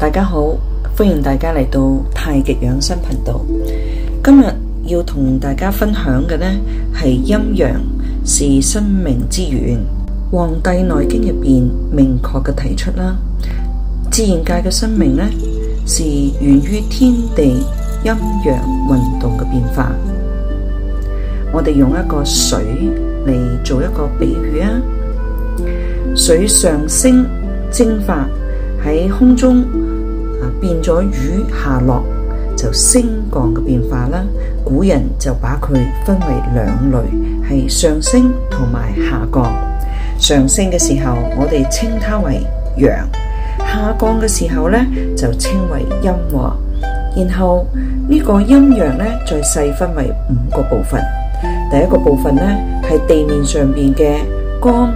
大家好，歡迎大家嚟到太極養生頻道。今日要同大家分享嘅，呢係陰陽是生命之源，《黃帝內經》入面明確嘅提出啦。自然界嘅生命呢，是源於天地陰陽運動嘅變化。我哋用一個水嚟做一個比喻啊，水上升蒸發喺空中。變咗雨下落就升降嘅變化啦，古人就把佢分為兩類，係上升同埋下降。上升嘅時候，我哋稱它為陽；下降嘅時候咧，就稱為陰。然後呢個陰陽咧，再細分為五個部分。第一個部分咧，係地面上邊嘅江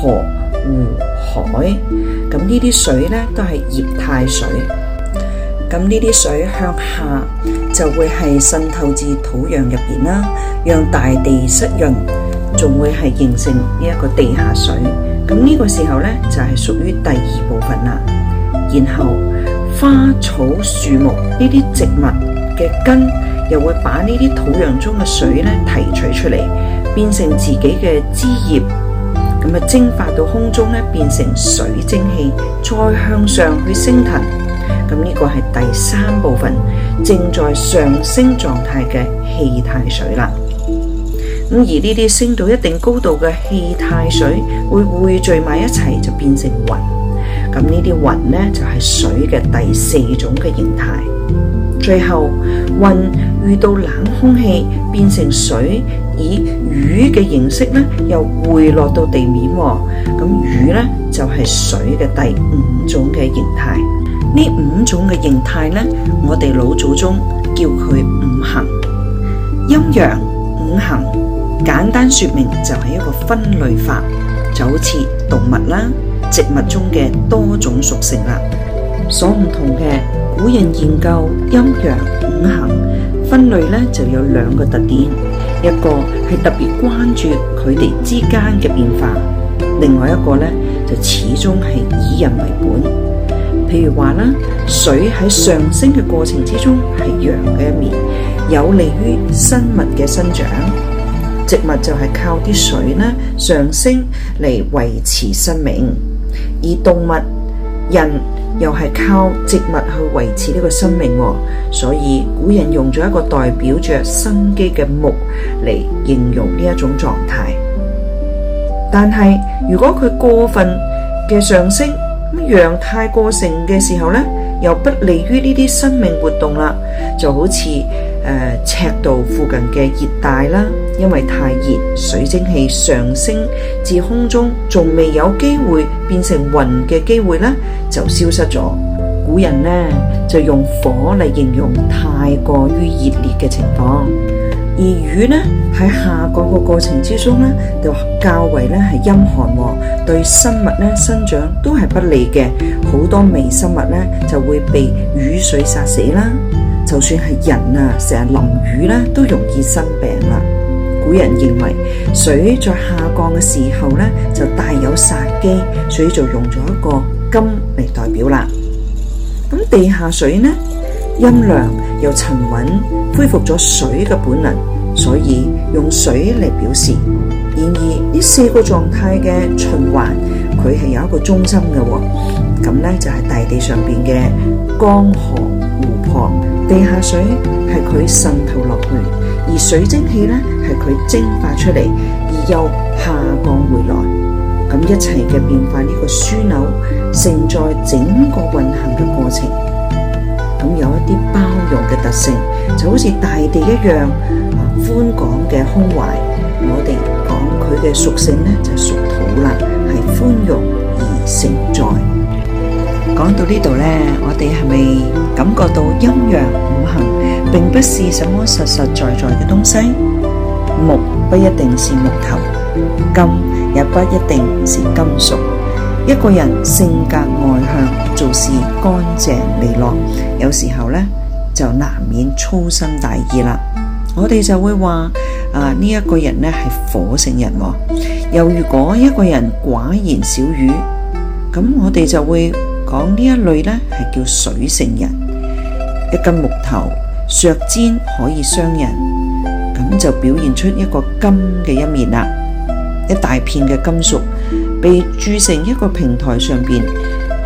河湖海。咁呢啲水咧都係液態水，咁呢啲水向下就會係滲透至土壤入面啦，讓大地濕潤，仲會係形成呢一個地下水。咁呢個時候咧就係、是、屬於第二部分啦。然後花草樹木呢啲植物嘅根又會把呢啲土壤中嘅水咧提取出嚟，變成自己嘅枝葉。咁啊，蒸發到空中咧，變成水蒸氣，再向上去升騰。咁呢個係第三部分，正在上升狀態嘅氣態水啦。而呢啲升到一定高度嘅氣態水，會匯聚埋一齊就變成雲。咁呢啲雲咧就係水嘅第四種嘅形態。最後雲遇到冷空氣，變成水。以雨嘅形式咧，又回落到地面喎。咁雨咧就係水嘅第五種嘅形態。呢五種嘅形態咧，我哋老祖宗叫佢五行，陰陽五行。簡單説明就係一個分類法，就好似動物啦、植物中嘅多種屬性啦，所唔同嘅古人研究陰陽五行分類咧，就有兩個特點。一個係特別關注佢哋之間嘅變化，另外一個呢就始終係以人為本。譬如話啦,水喺上升嘅過程之中係陽嘅一面,有利於生物嘅生長。植物就係靠啲水呢上升嚟維持生命,而動物。人又係靠植物去維持呢個生命。哦，所以古人用咗一個代表着生機嘅木嚟形容呢一種狀態。但係如果佢過分嘅上升，咁陽太過盛嘅時候呢，又不利於呢啲生命活動啦，就好似、呃、赤道附近嘅熱帶啦。因為太熱，水蒸氣上升至空中，仲未有機會變成雲嘅機會呢，就消失咗。古人呢，就用火嚟形容太過於熱烈嘅情況，而雨呢，喺下降個過程之中呢，就較為咧係陰寒喎，對生物呢，生長都係不利嘅。好多微生物呢，就會被雨水殺死啦。就算係人啊，成日淋雨咧，都容易生病啦。古人認為水在下降嘅時候咧，就帶有殺機，所以就用咗一個金嚟代表啦。咁地下水呢，陰涼又沉穩，恢復咗水嘅本能，所以用水嚟表示。然而呢四個狀態嘅循環，佢係有一個中心嘅，咁咧就係大地上邊嘅江河湖泊，地下水係佢滲透落去。而水蒸氣咧，係佢蒸發出嚟，而又下降回來。咁一齊嘅變化，呢個樞紐承載整個運行嘅過程，咁有一啲包容嘅特性，就好似大地一樣啊寬廣嘅胸懷。我哋講佢嘅屬性咧，就係屬土啦，係寬容而承載。講到呢度咧，我哋係咪感覺到陰陽五行？並不是什麼實實在在嘅東西，木不一定是木頭，金也不一定是金屬。一個人性格外向，做事乾淨利落，有時候呢就難免粗心大意啦。我哋就會話啊，呢一個人呢係火性人。又如果一個人寡言少語，咁我哋就會講呢一類呢係叫水性人。一根木頭。削尖可以傷人，咁就表現出一個金嘅一面啦。一大片嘅金屬被鑄成一個平台上邊，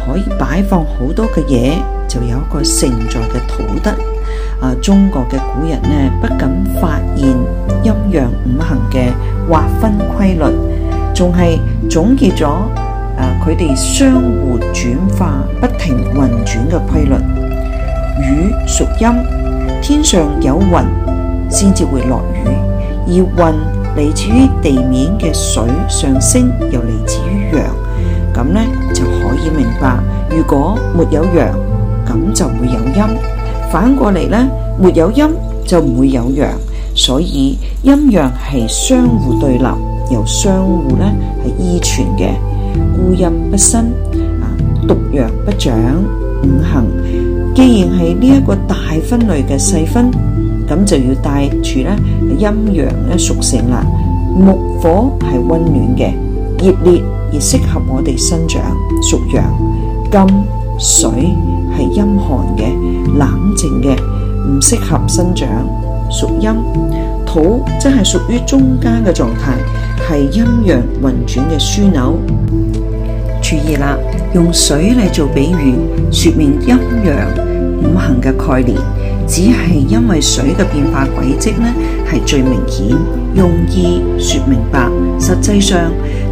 可以擺放好多嘅嘢，就有一個承載嘅土德。啊，中國嘅古人呢，不僅發現陰陽五行嘅劃分規律，仲係總結咗啊，佢哋相互轉化、不停運轉嘅規律。雨屬陰。天上有雲先至會落雨，而雲嚟自於地面嘅水上升，又嚟自於陽。咁呢，就可以明白，如果沒有陽，咁就會有陰；反過嚟呢，沒有陰就唔會有陽。所以陰陽係相互對立，又相互呢係依存嘅，孤陰不生，啊獨陽不長，五行。既然係呢一個大分類嘅細分，咁就要帶住咧陰陽嘅屬性啦。木火係溫暖嘅、熱烈而適合我哋生長，屬陽；金水係陰寒嘅、冷靜嘅，唔適合生長，屬陰。土即係屬於中間嘅狀態，係陰陽運轉嘅樞紐。注意啦！用水嚟做比喻，說明陰陽五行嘅概念，只係因為水嘅變化軌跡呢係最明顯、用意說明白。實際上，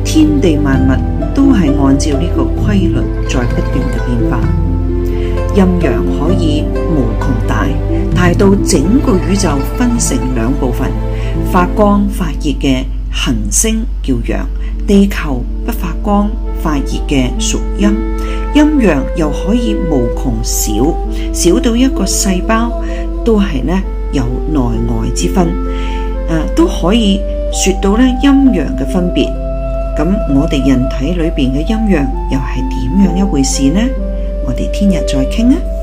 天地萬物都係按照呢個規律在不斷嘅變化。陰陽可以無窮大，大到整個宇宙分成兩部分，發光發熱嘅恆星叫陽，地球不發光。發熱嘅屬陰，陰陽又可以無窮小，小到一個細胞都係咧有內外之分，誒、啊，都可以說到咧陰陽嘅分別。咁我哋人體裏面嘅陰陽又係點樣一回事呢？我哋聽日再傾啊！